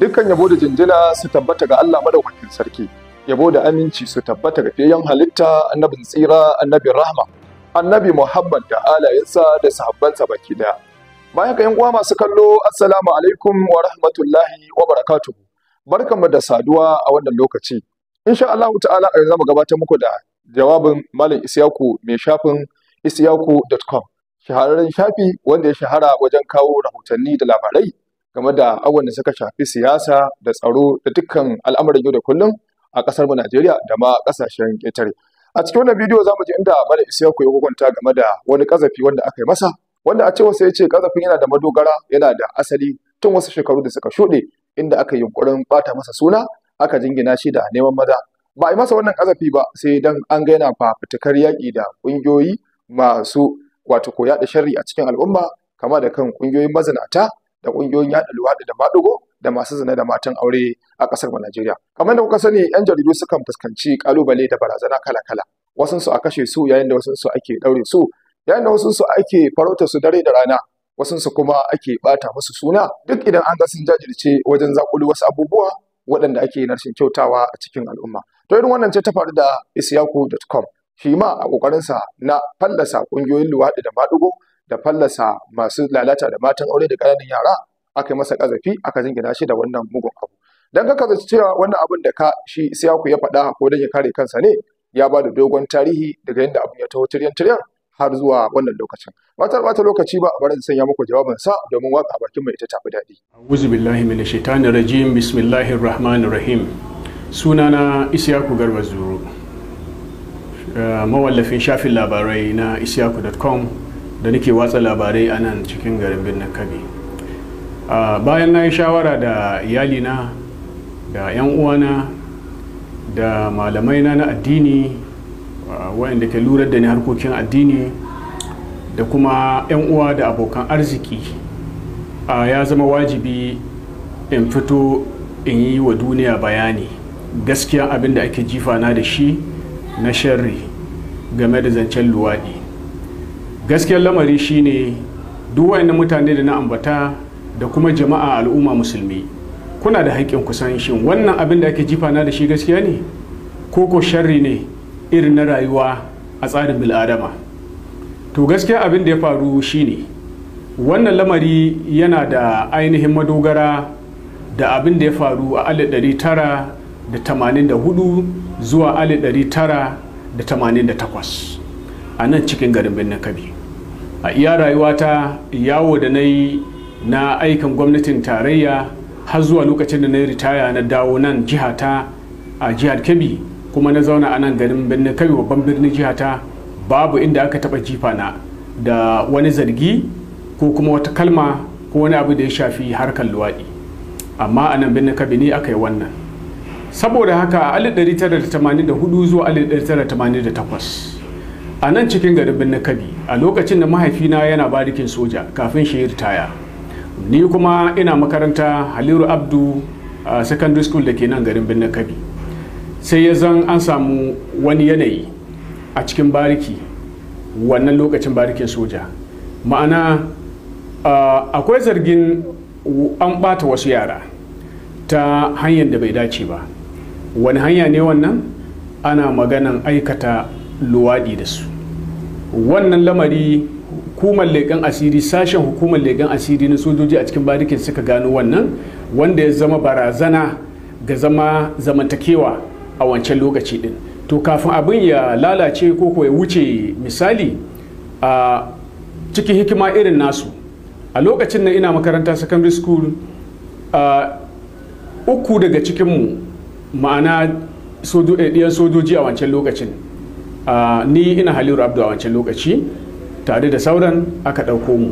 Dukkan yabo da jinjina su tabbata ga Allah madaukakin sarki. Yabo da aminci su tabbata ga fiyayyen halitta, annabin tsira, annabin rahma, annabi Muhammad da alayensa da sahabbansa baki daya. Bayan ga uwa masu kallo, Assalamu alaikum wa rahmatullahi wa barakatuhu. Barkanmu da saduwa a wannan lokaci. Insha Allah ta'ala a yanzu mu gabatar muku da jawabin Malam isyaku mai shafin isyaku.com Shahararren shafi wanda ya shahara wajen kawo rahotanni da labarai game da abubuwan da suka shafi siyasa da tsaro da dukkan al'amuran yau da kullum a ƙasar mu Najeriya da ma ƙasashen ƙetare. A cikin wannan bidiyo za mu ji inda Malam Isiyaku ya hukunta game da wani kazafi wanda aka yi masa wanda a cewa sai ya ce kazafin yana da madogara yana da asali tun wasu shekaru da suka shuɗe inda aka yi yunƙurin ɓata masa suna aka jingina shi da neman maza ba a yi masa wannan ƙazafi ba sai dan an ga yana fafutukar yaƙi da ƙungiyoyi masu wato ko yaɗa sharri a cikin al'umma kama da kan ƙungiyoyin mazinata da ƙungiyoyin yaɗa luwaɗi da maɗigo da masu zina da matan aure a ƙasar mu Najeriya. Kamar da kuka sani 'yan jaridu sukan fuskanci ƙalubale da barazana kala-kala. su a kashe su yayin da su ake ɗaure su, yayin da su ake farauta su dare da rana, su kuma ake ɓata musu suna. Duk idan an ga sun jajirce wajen zaƙulu wasu abubuwa waɗanda ake yin kyautawa a cikin al'umma. To irin wannan ce ta faru da isyaku.com. Shi ma a ƙoƙarinsa na fallasa ƙungiyoyin luwaɗi da maɗugo da fallasa masu lalata da matan aure da ƙananan yara aka yi masa ƙazafi aka jingina shi da wannan mugun abu dan ka kaza cewa wannan abin da ka shi siyaku ya faɗa ko dan ya kare kansa ne ya ba da dogon tarihi daga yadda abin ya taho tiryan tiryan har zuwa wannan lokacin ba ta lokaci ba bari in sanya muku jawabin sa domin waka bakin mai ita tafi daɗi a'udhu billahi minash shaitanir rajim bismillahir rahmanir rahim sunana isyaku garba zuru eh, mawallafin shafin labarai na isyaku.com da nake watsa labarai a nan cikin garin birnin kabi bayan na yi shawara da iyalina da 'yan uwana da malamai na addini wayanda ke lura da ni harkokin addini da kuma 'yan uwa da abokan arziki ya zama wajibi in fito in yi wa duniya bayani gaskiya abin da ake jifa na da shi na sharri game da zancen luwaɗi gaskiyar lamari shine duk wayannan mutane da na ambata da kuma jama'a al'umma musulmi kuna da haƙƙin kusan shin wannan abin da ake jifa na da shi gaskiya ne ko ko sharri ne irin na rayuwa a tsarin bil'adama to gaskiya abin da ya faru shine wannan lamari yana da ainihin madogara da abin da ya faru a 1984 zuwa tara da da tamanin takwas a nan cikin garin birnin kabi a iya rayuwata yawo da na yi na aikin gwamnatin tarayya har zuwa lokacin da na yi ritaya na dawo nan jihata a jihar kebbi kuma na zauna anan nan garin birnin kebbi babban birnin jihata babu inda aka taba jifa na da wani zargi ko kuma wata kalma ko wani abu da ya shafi harkar luwaɗi amma a nan birnin kebbi ne aka yi wannan saboda haka a 1984 zuwa 1988 a nan cikin garin birnin kabi a lokacin da mahaifina yana barikin soja kafin shi ritaya ni kuma ina makaranta haliru abdu a secondary school da ke nan garin birnin kabi sai ya zan an samu wani yanayi a cikin bariki wannan lokacin barikin soja ma'ana akwai zargin an bata wasu yara ta hanyar da bai dace ba wani hanya ne wannan ana maganan aikata luwaɗi da su wannan lamari hukumar leƙen asiri sashen hukumar leƙen asiri na sojoji a cikin barikin suka gano wannan wanda ya zama barazana ga zama zamantakewa a wancan lokaci din to kafin abin ya lalace ko ya wuce misali a cikin hikima irin nasu a lokacin na ina makaranta secondary school a uku daga cikinmu ma'ana eh, ɗiyan sojoji a wancan lokacin ni ina haliru abdu a wancan lokaci tare da sauran aka ɗauko mu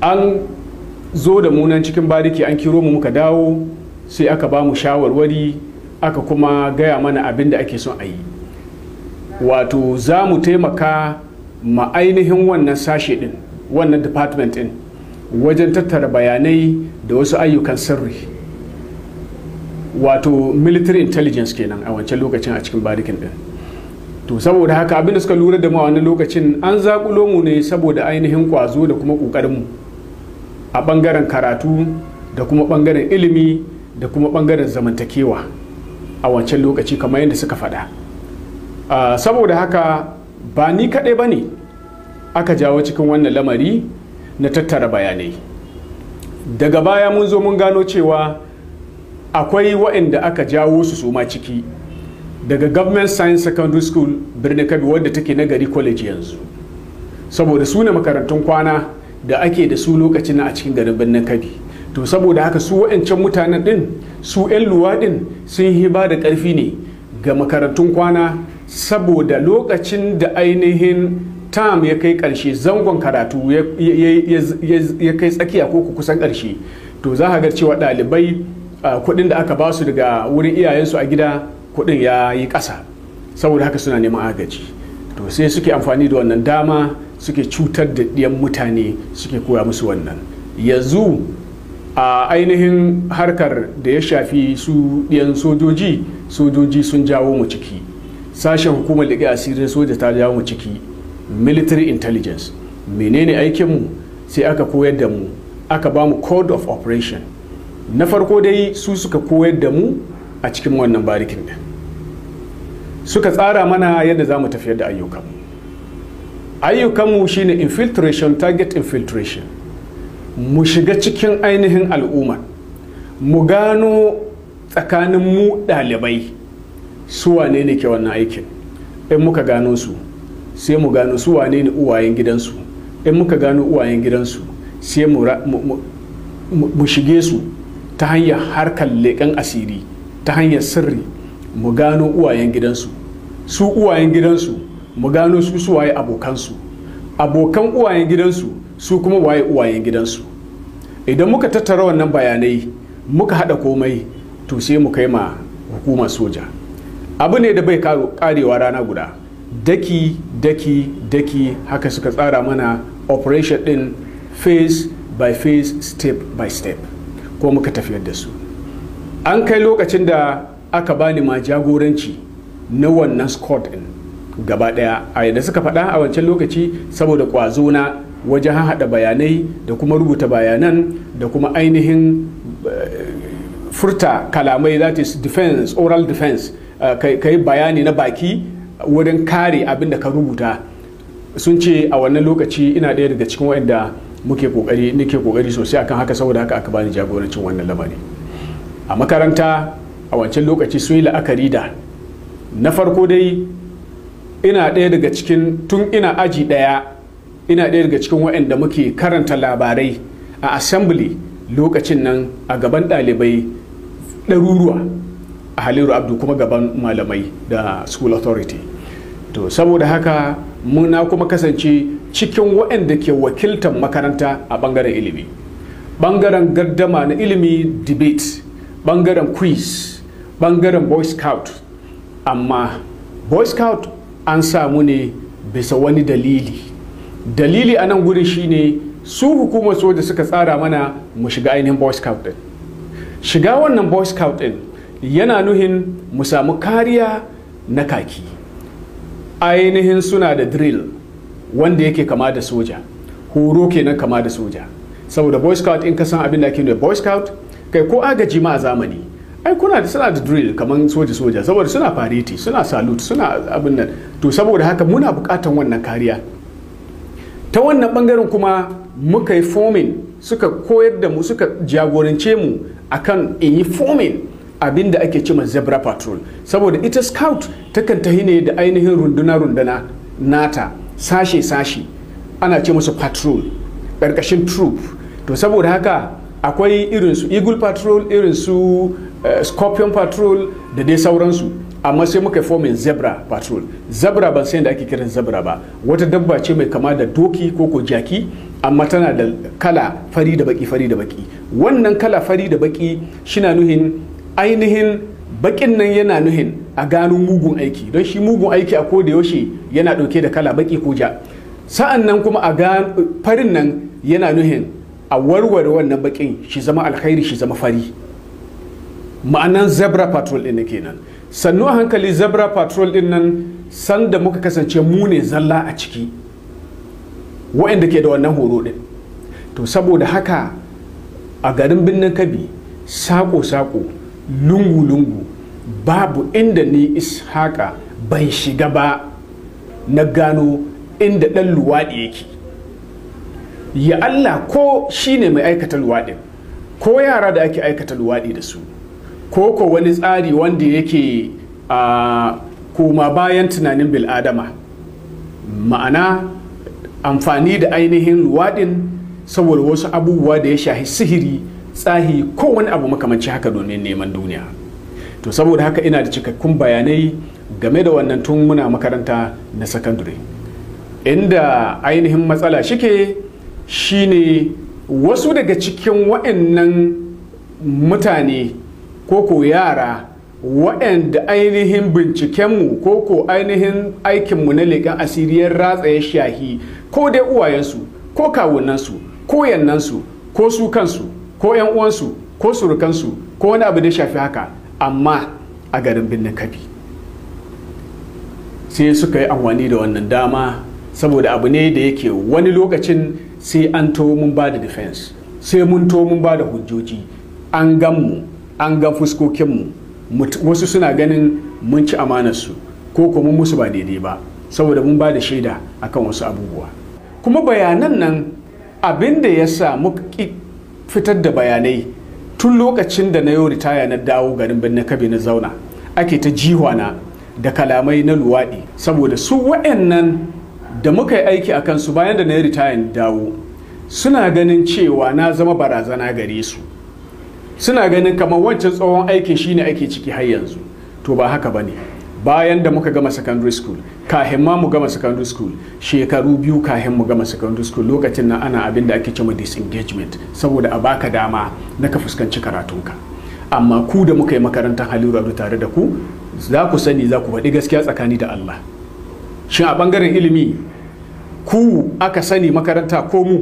an zo da munan cikin bariki an kiro mu muka dawo sai aka ba mu shawarwari aka kuma gaya mana abin da ake son a yi wato za mu taimaka ma ainihin wannan sashe din wannan department din wajen tattara bayanai da wasu ayyukan sirri wato military intelligence kenan a wancan lokacin a cikin barikin din to saboda haka abinda suka lura da mu a lokacin an zaƙulo mu ne saboda ainihin ƙwazo da kuma ƙoƙarinmu a ɓangaren karatu da kuma ɓangaren ilimi da kuma ɓangaren zamantakewa a wancan lokaci kamar yadda suka faɗa saboda haka ba ni kaɗai ba ne aka jawo cikin wannan lamari na tattara bayanai daga baya mun zo mun gano cewa akwai wa'inda aka jawo su suma ciki daga government science secondary school birnin kabi wadda take na gari college yanzu saboda su ne makarantun kwana da ake da su lokacin a cikin garin birnin kabi to saboda haka su wa'ancan mutanen din su 'yan luwa din sun yi ba da karfi ne ga makarantun kwana saboda lokacin da ainihin tam ya kai karshe zangon karatu ya kai tsakiya ko kusan karshe to za ga cewa ɗalibai kuɗin da aka ba su daga wurin iyayensu a gida kudin ya yi ƙasa saboda haka suna neman agaji to sai suke amfani da wannan dama suke cutar da ɗiyan mutane suke koya musu wannan yanzu a ainihin harkar da ya shafi su ɗiyan sojoji sojoji sun jawo mu ciki sashen hukumar da asirin soja ta jawo mu ciki military intelligence menene aikin mu sai aka koyar da mu aka ba mu code of operation na farko dai su suka koyar da mu a cikin wannan barikin din suka tsara mana yadda za mu tafiyar da ayyukanmu ayyukanmu shine infiltration target infiltration mu shiga cikin ainihin al'umma mu gano tsakanin mu ɗalibai su wane ne ke wannan aikin in muka gano su sai mu gano su wane ne uwayen gidansu in muka gano uwayen gidansu sai mu shige su ta hanyar harkar leƙen asiri ta hanyar sirri mu gano uwayen gidansu su uwayen gidansu mu gano su su waye abokansu abokan uwayen gidansu su kuma waye uwayen gidansu idan muka tattara wannan bayanai muka haɗa komai to sai mu kai ma hukumar soja abu ne da bai karewa rana guda daki daki daki haka suka tsara mana operation din phase by phase step by step ko muka tafiyar da su an kai lokacin da aka bani ma jagoranci na wannan squad din gaba daya a yadda suka faɗa a wancan lokaci saboda ƙwazo na wajen haɗa bayanai da kuma rubuta bayanan da kuma ainihin eh, furta kalamai that is defense oral defense eh, ka yi bayani na baki wurin kare abin da ka rubuta sun ce a wannan lokaci ina daya daga cikin waɗanda muke kokari nake kokari sosai akan haka saboda haka aka bani jagorancin wannan lamari a makaranta a wancan lokaci sun yi la'akari da na farko dai ina ɗaya daga cikin tun ina aji ɗaya ina ɗaya daga cikin waɗanda muke karanta labarai a assembly lokacin nan a gaban ɗalibai ɗaruruwa a haliru abdu kuma gaban malamai da school authority to saboda haka muna kuma kasance cikin waɗanda ke wakiltar makaranta a ɓangaren ilimi ɓangaren gardama na ilimi debate ɓangaren quiz bangaren boy scout amma boy scout an samu ne bisa wani dalili dalili a nan guri shine su hukumar soja suka tsara mana mu shiga ainihin boy scout din shiga wannan boy scout din yana nuhin mu samu kariya na kaki ainihin suna da drill wanda yake kama da soja horo kenan kama da soja saboda boy scout in ka san abin da ake da boy scout kai ko agaji ma a zamani ai kuna da suna da drill kamar soja soja saboda suna fariti suna salut suna abin nan to saboda haka muna bukatan wannan kariya ta wannan bangaren kuma muka yi fomin suka koyar da mu suka jagorance mu akan in yi fomin abin da ake cima zebra patrol saboda ita scout takan tahi ne da ainihin runduna-runduna nata sashe-sashe ana ce musu patrol ƙarƙashin troop to saboda haka akwai irinsu eagle patrol irinsu Eh, scorpion patrol da dai sauransu amma sai muka fomin zebra patrol zebra ban san da ake kiran zebra ba wata dabba ce mai kama da doki ko ko jaki amma tana da kala fari da baki fari da baki wannan kala fari da baki shina nuhin ainihin bakin nan yana nuhin a gano mugun aiki don shi mugun aiki a koda yaushe yana dauke da kala baki ko ja sa'an nan kuma a farin nan yana nuhin a warware wannan bakin shi zama alkhairi shi zama fari ma'anan zebra patrol ɗin kenan sannu a hankali zebra patrol ɗin nan sanda muka kasance mu ne zalla a ciki wa'anda ke da wannan horo ɗin to saboda haka a garin birnin kabi sako-sako lungu-lungu babu inda ni ishaka ban shiga ba na gano inda ɗan luwaɗi yake ya Allah ko shine mai aikata luwaɗin ko yara da ake aikata luwaɗi da su ko ko wani tsari wanda yake a kuma bayan tunanin bil'adama ma'ana amfani da ainihin luwaɗin saboda wasu abubuwa da ya shahi sihiri tsahi ko wani abu makamanci haka domin neman duniya to saboda haka ina da cikakkun bayanai game da wannan tun muna makaranta na sakandare inda ainihin matsala shike shine wasu daga cikin waɗannan mutane koko yara waɗanda ainihin bincikenmu koko ainihin aikinmu na leƙen asiriyar ratsa ya shahi ko dai uwayensu ko kawunansu ko yannansu ko su kansu ko yan uwansu ko surukansu ko wani abu da shafi haka amma a garin birnin kabi sai suka yi amfani da wannan dama saboda abu ne da yake wani lokacin sai an to mun ba da defense sai mun to mun ba da hujjoji an gan mu an ga fuskokinmu wasu suna ganin mun ci amanarsu ko kuma musu ba daidai ba saboda mun ba da shaida akan wasu abubuwa kuma bayanan nan abin da ya sa muka fitar da bayanai tun lokacin da na yau ritaya na dawo garin birnin kabe na zauna ake ta jihwana da kalamai na luwaɗi saboda su waɗannan da muka yi aiki a kansu bayan da na yi na dawo suna ganin cewa na zama barazana gare su suna ganin kamar wancan tsohon aikin shine ake ciki har yanzu to ba haka ba ne bayan da muka gama secondary school kahin ma mu gama secondary school shekaru biyu kahin mu gama secondary school lokacin nan ana abin da ake cewa disengagement saboda a baka dama na ka fuskanci ka. amma ku da muka yi makarantar haliru tare da ku za ku sani za ku faɗi gaskiya tsakani da Allah shin a bangaren ilimi ku aka sani makaranta ko mu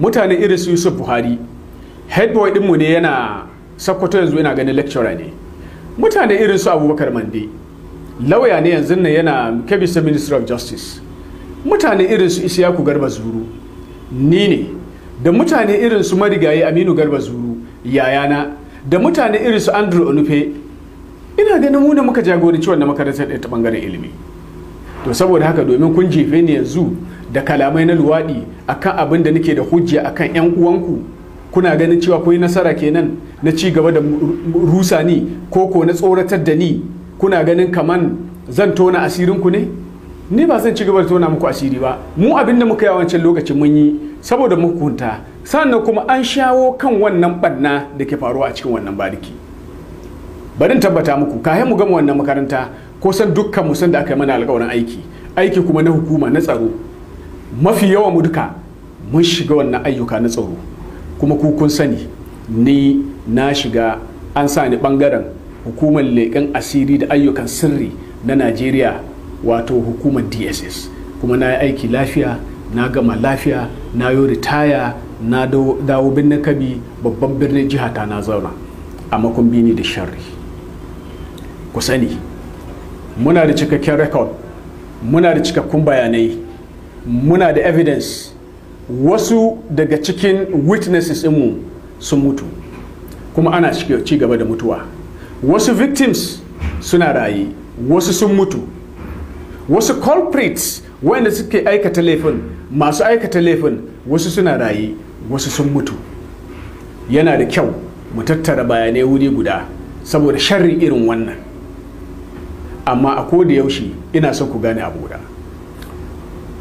mutane irin su Yusuf Buhari headboy dinmu ne yana sakkwato yanzu yana ganin lecturer ne mutane irin su abubakar mande lauya ne yanzu nan yana kebisa minister of justice mutane irin su isiyaku garba zuru ni ne da mutane irin su marigayi aminu garba zuru yayana da mutane irin su andrew onufe ina ganin mu muka jagoranci wannan makarantar ɗaya ta bangaren ilimi to saboda haka domin kun jefe ni yanzu da kalamai na luwaɗi akan abin da nake da hujja akan 'yan uwanku kuna ganin cewa kuyi nasara kenan na ci gaba da rusa ni ko ko na tsoratar da ni kuna ganin kaman zan tona asirin ku ne ni ba zan ci gaba da tona muku asiri ba mu abin da muka yi a wancan lokacin mun yi saboda hukunta sannan kuma an shawo kan wannan banna da ke faruwa a cikin wannan bariki barin tabbata muku kayan mu gama wannan makaranta ko san dukkan mu san da aka yi mana alƙawarin aiki aiki kuma na hukuma na tsaro mafi yawan mu duka mun shiga wannan ayyuka na tsaro kuma ku kun sani ni na shiga an sa ni bangaren hukumar leƙen asiri da ayyukan sirri na najeriya wato hukumar dss kuma na yi aiki lafiya na gama lafiya na yi ritaya na dawo birnin kabi babban birnin jihata na zauna a makon bini da sharri ku sani muna da cikakken rekod muna da cikakkun bayanai muna da evidence wasu daga cikin witnesses inmu sun mutu kuma ana ci gaba da mutuwa wasu victims suna raye wasu sun mutu wasu culprits wanda suke aikata laifin masu aikata laifin wasu suna raye wasu sun mutu yana da kyau mu tattara bayanai wuri guda saboda sharri irin wannan amma a da yaushe ina son ku gane abu guda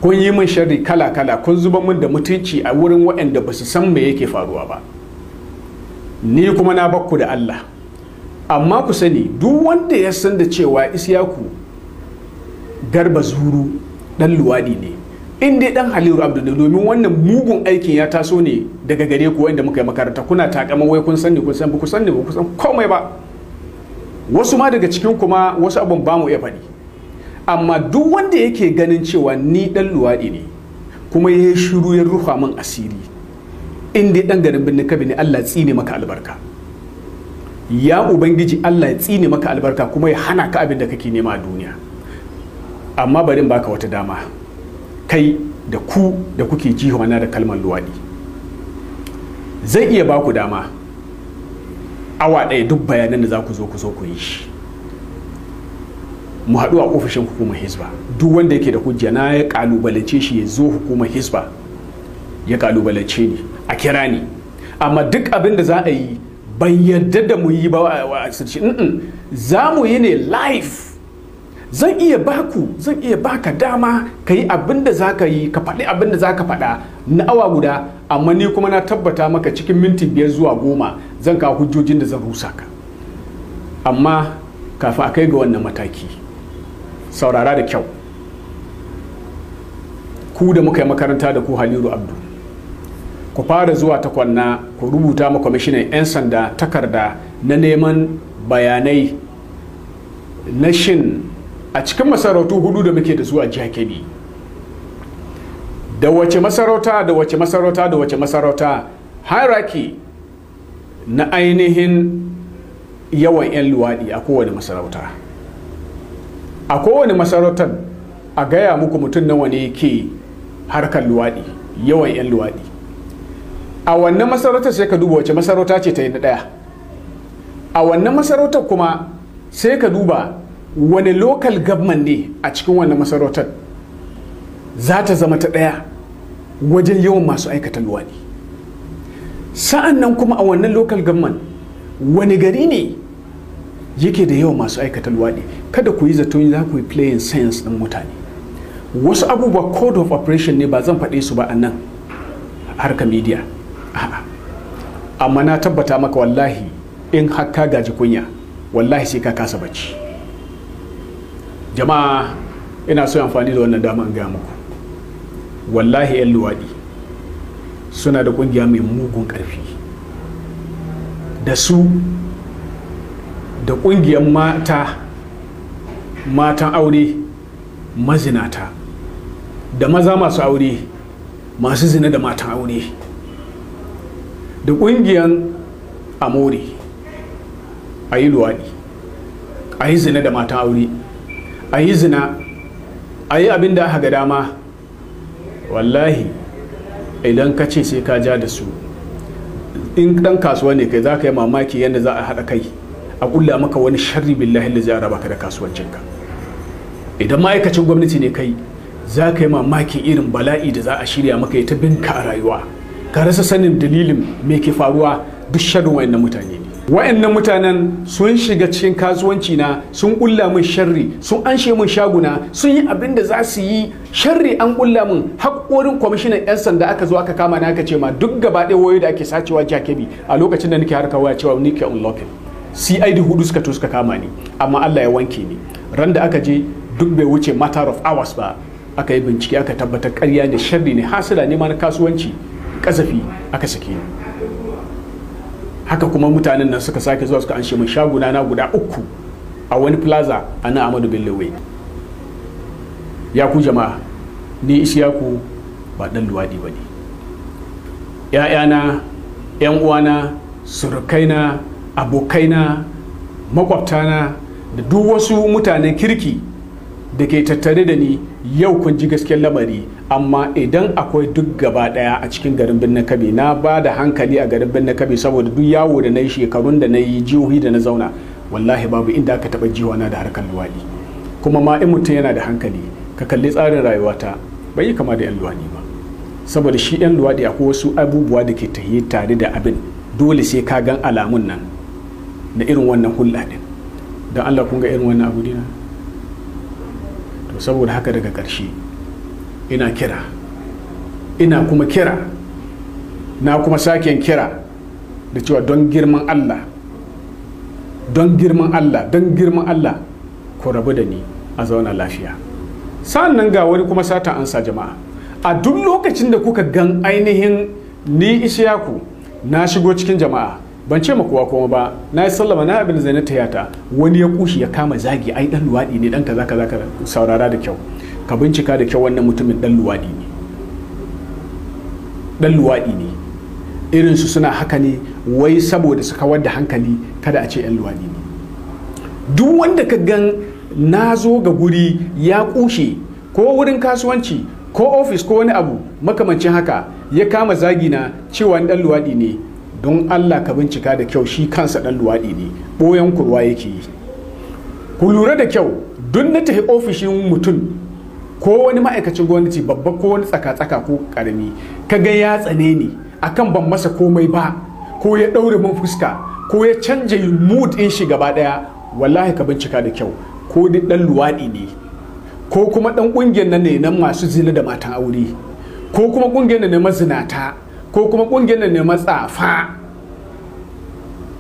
kun yi min sharri kala kala kun zuba min da mutunci a wurin waɗanda ba su san me yake faruwa ba ni kuma na bakku da Allah amma ku sani duk wanda ya san da cewa isyaku garba zuru dan luwadi ne in dai dan Halilu Abdul domin wannan mugun aikin ya taso ne daga gare ku wanda muka yi makaranta kuna takama wai kun sani kun san ba ku sani ba ku san komai ba wasu ma daga cikin kuma wasu abun ba mu iya faɗi amma duk wanda yake ganin cewa ni dan luwaɗi ne kuma ya yi shiru ya ruha min asiri in dai dan garin birnin kabi ne Allah ya tsine maka albarka ya ubangiji Allah ya tsine maka albarka kuma ya hana ka abin da kake nema a duniya amma bari in baka wata dama kai da ku da kuke wana da kalmar luwaɗi zai iya baku dama awa ɗaya duk bayanan da za ku zo ku zo ku yi shi mu haɗu a ofishin hukumar hisba duk wanda yake da hujja na ya kalubalance shi ya zo hukumar hisba ya kalubalance ni a kira ni amma duk abin da za a yi ban yadda da mu yi ba a asirci za mu yi ne live zan iya baku zan iya baka dama ka yi abin da za ka yi ka faɗi abin da za ka faɗa na awa guda amma ni kuma na tabbata maka cikin minti biyar zuwa goma zan kawo hujjojin da zan rusa ka amma kafin a kai ga wannan mataki saurara da kyau ku da muka yi makaranta da ku haliru abdu ku fara zuwa takwanna ku rubuta ma kwamishinan 'yan sanda takarda na neman bayanai na shin a cikin masarautu hudu da muke da zuwa jiha kebi da wace masarauta da wace masarauta da wace masarauta hierarchy na ainihin yawan 'yan luwaɗi a kowane masarauta a kowane masarautar a gaya muku mutum nawa ne ke harkar luwaɗi yawan 'yan luwaɗi a wannan masarautar sai ka duba wace masarauta ce ta yi ɗaya a wannan masarautar kuma sai ka duba wani local government ne a cikin wannan masarautar za ta zama ta ɗaya wajen yawan masu aikata luwaɗi sa'an nan kuma a wannan local government wani gari ne yake da yawa masu aikata luwaɗi kada ku yi zato za ku yi playing sense ɗin mutane wasu abubuwa code of operation ne ba zan faɗe su ba a nan harka media amma na tabbata maka wallahi in haka gaji kunya wallahi sai ka kasa bacci jama'a ina so amfani da wannan dama in gaya muku wallahi 'yan luwaɗi suna da ƙungiya mai mugun ƙarfi da su da ƙungiyar mata matan aure mazinata da maza masu aure masu zina da matan aure da ƙungiyar amore a yi luwaɗi a yi zina da matan aure a yi zina a yi abin da aka ga dama wallahi idan ka ce sai ka ja da su in ɗan kasuwa ne kai za ka yi mamaki yadda za a haɗa kai a kulla maka wani sharri billahi da zai raba ka da kasuwancinka idan ma'aikacin gwamnati ne kai za ka yi mamakin irin bala'i da za a shirya maka ya bin ka a rayuwa ka rasa sanin dalilin me ke faruwa duk sharrin wayannan mutane ne wayannan mutanen sun shiga cikin kasuwanci na sun kulla min sharri sun anshe min shaguna sun yi abin da za su yi sharri an kulla min haƙorin kwamishinan 'yan sanda aka zo aka kama na aka ce ma duk gaba ɗaya wayoyi da ake sacewa jakebi a lokacin da nake harkar waya cewa nike unlocking cid hudu suka to suka kama ni amma allah ya wanke ni ran da aka je duk bai wuce matter of hours ba aka yi bincike aka tabbatar karya ne sharri ne hasila ne ma na kasuwanci kasafi aka sake ni haka kuma mutanen nan suka sake zuwa suka an shi shaguna na guda uku a wani plaza a nan amadu bello way ya ku jama'a ni isyaku ba dan luwadi ba ne ‘ya'yana ‘yan uwana surukaina abokaina makwabtana da duk wasu mutanen kirki da ke tattare da ni yau kun ji gaskiyar lamari amma idan akwai duk gaba daya a cikin garin birnin kabe na ba da hankali a garin birnin kabi saboda duk yawo da na yi shekarun da na yi jihohi da na zauna wallahi babu inda aka taba na da harkar luwadi kuma ma in mutum yana da hankali ka kalli tsarin rayuwata bai yi kama da yan luwadi ba saboda shi yan luwadi akwai wasu abubuwa da ke tare da abin dole sai ka gan alamun nan da irin wannan hulɗa don allah kun ga irin wannan abu dina to saboda haka daga ƙarshe ina kira ina kuma kira na kuma sake kira da cewa don girman allah don girman allah don girman allah ku rabu da ni a zauna lafiya sa'annan ga wani kuma sata ansa jama'a a duk lokacin da kuka gan ainihin ni ishiyaku na shigo cikin jama'a ban ce kowa kuma ba na yi sallama na abin zai ta yata wani ya kushi ya kama zagi ai dan luwaɗi ne dan kaza kaza ka saurara da kyau ka bincika da kyau wannan mutumin dan luwaɗi ne dan luwadi ne irin su suna haka ne wai saboda su kawar da hankali kada a ce yan luwaɗi ne duk wanda ka gan na zo ga guri ya kushe ko wurin kasuwanci ko ofis ko wani abu makamancin haka ya kama zagi na cewa ni dan luwaɗi ne don allah ka bincika da kyau shi kansa dan luwaɗi ne ɓoyan kurwa yake yi ku lura da kyau duk na tafi ofishin mutum ko wani ma'aikacin gwamnati babba ko wani tsaka-tsaka ko karami ka ga ya tsane ni akan ban masa komai ba ko ya ɗaure min fuska ko ya canja mood in shi gaba ɗaya wallahi ka bincika da kyau ko duk ɗan luwaɗi ne ko kuma ɗan ƙungiyar nan ne nan masu zina da matan aure ko kuma ƙungiyar da na mazinata ko kuma ƙungiyar da neman tsafa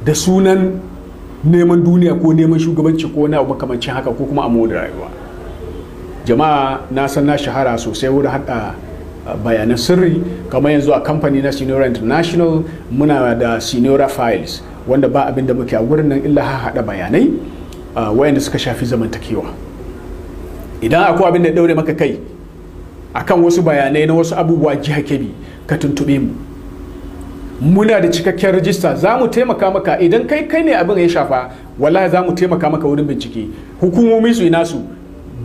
da sunan neman duniya ko neman shugabanci ko na makamancin haka ko kuma amo da rayuwa jama'a na san na shahara sosai wurin hada bayanan sirri kamar yanzu a kamfani na seniora international muna da seniora files wanda ba abin da muke a wurin nan illa haɗa bayanai wayanda suka shafi zamantakewa idan akwai abin da ɗaure maka kai akan wasu bayanai na wasu abubuwa jiha kebi ka tuntuɓe mu muna da cikakken rajista za mu taimaka maka idan kai kai ne abin ya shafa wala za mu taimaka maka wurin bincike hukumomi su ina su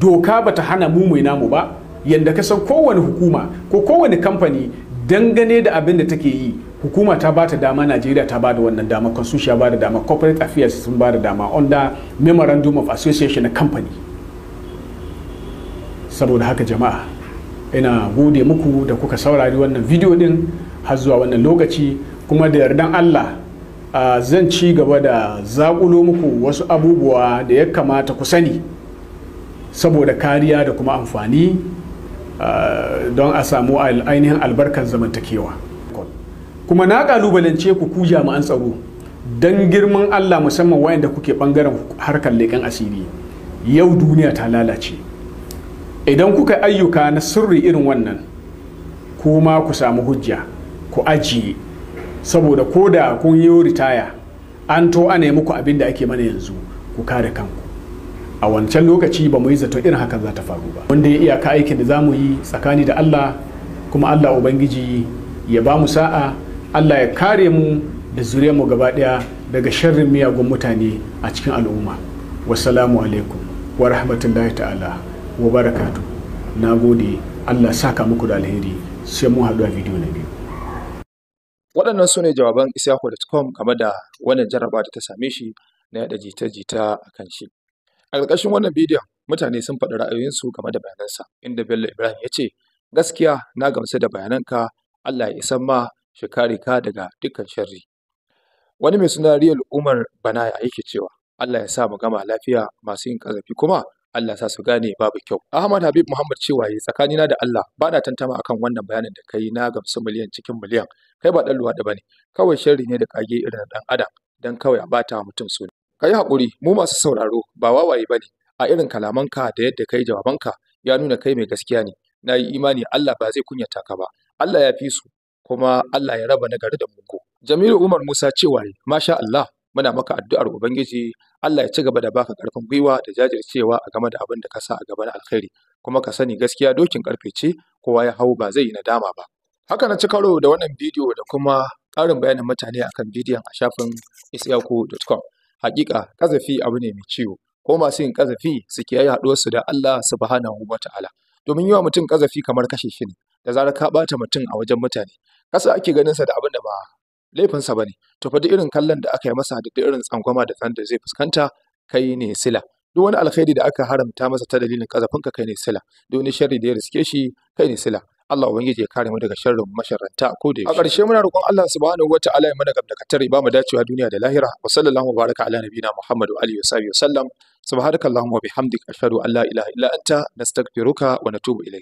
doka ba ta hana mu mu namu ba yanda ka san kowane hukuma ko kowane kamfani dangane da abin da take yi hukuma ta ba ta dama Najeriya ta ba da wannan dama constitution da dama corporate affairs sun ba da dama under memorandum of association na company saboda haka jama'a ina gode muku da kuka saurari wannan video din har zuwa wannan lokaci kuma da yardan Allah zan ci gaba da zaƙulo muku wasu abubuwa da ya kamata ku sani saboda kariya da kuma amfani don a samu ainihin albarkar zamantakewa kuma na ƙalubalance ku ku jami'an tsaro don girman Allah musamman wayanda kuke ɓangaren harkar leƙen asiri yau duniya ta lalace idan kuka ayyuka na sirri irin wannan kuma ku samu hujja ku ajiye saboda ko da kun yi ritaya an to ana yi muku abin da ake mana yanzu ku kare kanku a wancan lokaci ba mu yi zato irin hakan za ta faru ba wanda ya iyaka aikin da za mu yi tsakani da allah kuma allah ubangiji ya ba mu sa'a allah ya kare mu da zuriyar mu gaba daya daga sharrin miyagun mutane a cikin al'umma wasalamu alaikum wa rahmatullahi ta'ala wa barakatu na gode allah saka muku da alheri sai mun haɗu a bidiyo waɗannan su ne jawaban isyaku.com game da wannan jarraba da ta same shi na yaɗa jita-jita a kan shi a ƙarƙashin wannan bidiyon mutane sun faɗi ra'ayoyinsu game da bayanansa inda bello ibrahim ya ce gaskiya na gamsu da bayananka allah ya isan ma shi kare ka daga dukkan sharri wani mai suna riyal umar banaya yake cewa allah ya sa mu gama lafiya masu yin ƙazafi kuma Allah sa su gane babu kyau. Ahmad Habib Muhammad cewa yi tsakanina da Allah ba na tantama akan wannan bayanin da kai na gamsu miliyan cikin miliyan kai ba dan luwaɗi bane kawai sharri ne da kage irin ɗan adam dan kawai a bata mutum so. Kai hakuri mu masu sauraro ba wawaye ne. a irin kalaman ka da yadda kai ka, ya nuna kai mai gaskiya ne na yi imani Allah ba zai kunyata ka ba Allah ya fi su kuma Allah ya raba nagari da mugu. Jamilu Umar Musa cewa masha Allah muna maka addu'ar ubangiji Allah ya ci gaba da baka karfin gwiwa da jajircewa a game da abin da ka sa a gaba na alkhairi kuma ka sani gaskiya dokin karfe ce kowa ya hau ba zai yi nadama ba haka na ci karo da wannan bidiyo da kuma ƙarin bayanin mutane akan bidiyon a shafin isyaku.com hakika kazafi abu ne mai ciwo ko masu yin kazafi su yi haɗuwarsu da Allah subhanahu wa ta'ala domin yi wa mutum kazafi kamar kashe shi ne da zarar ka ɓata mutum a wajen mutane kasa ake ganin sa da abin da ba laifinsa ba ne to fa duk irin kallon da aka yi masa da duk irin tsangwama da tsan da zai fuskanta kai ne sila duk wani alkhairi da aka haramta masa ta dalilin kazafinka kai ne sila duk wani sharri da ya riske shi kai ne sila Allah ubangiji ya kare mu daga sharrin masharanta ko da yaushe a ƙarshe muna roƙon Allah subhanahu wataala ya mana gamdakatar ba mu dacewa duniya da lahira wa sallallahu baraka ala nabiyina Muhammad wa alihi wa sahbihi wa sallam subhanakallahumma wa bihamdika ashhadu an la ilaha illa anta nastaghfiruka wa natubu ilayk